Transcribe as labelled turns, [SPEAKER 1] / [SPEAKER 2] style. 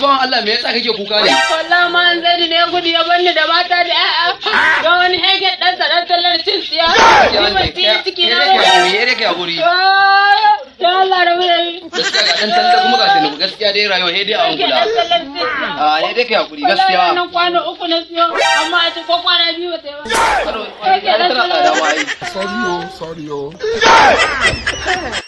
[SPEAKER 1] bawan Allah me yasa kake kuka ne
[SPEAKER 2] wallahi ma an zai ne gudu ya banni da mata da a'a ga wani hege dan sa dan tallar cin siya. ni ban tiye ciki na ba
[SPEAKER 3] ne hakuri
[SPEAKER 2] ta Allah rabu da gaskiya ga
[SPEAKER 4] dan talla kuma ga tani
[SPEAKER 3] gaskiya dai rayuwa he dai a hankula
[SPEAKER 4] a
[SPEAKER 3] ah, he dai kai hakuri gaskiya wannan
[SPEAKER 4] kwana uku na siyo amma a ci ko kwana biyu ba sai ba
[SPEAKER 2] sorry yo oh, sorry yo
[SPEAKER 4] oh.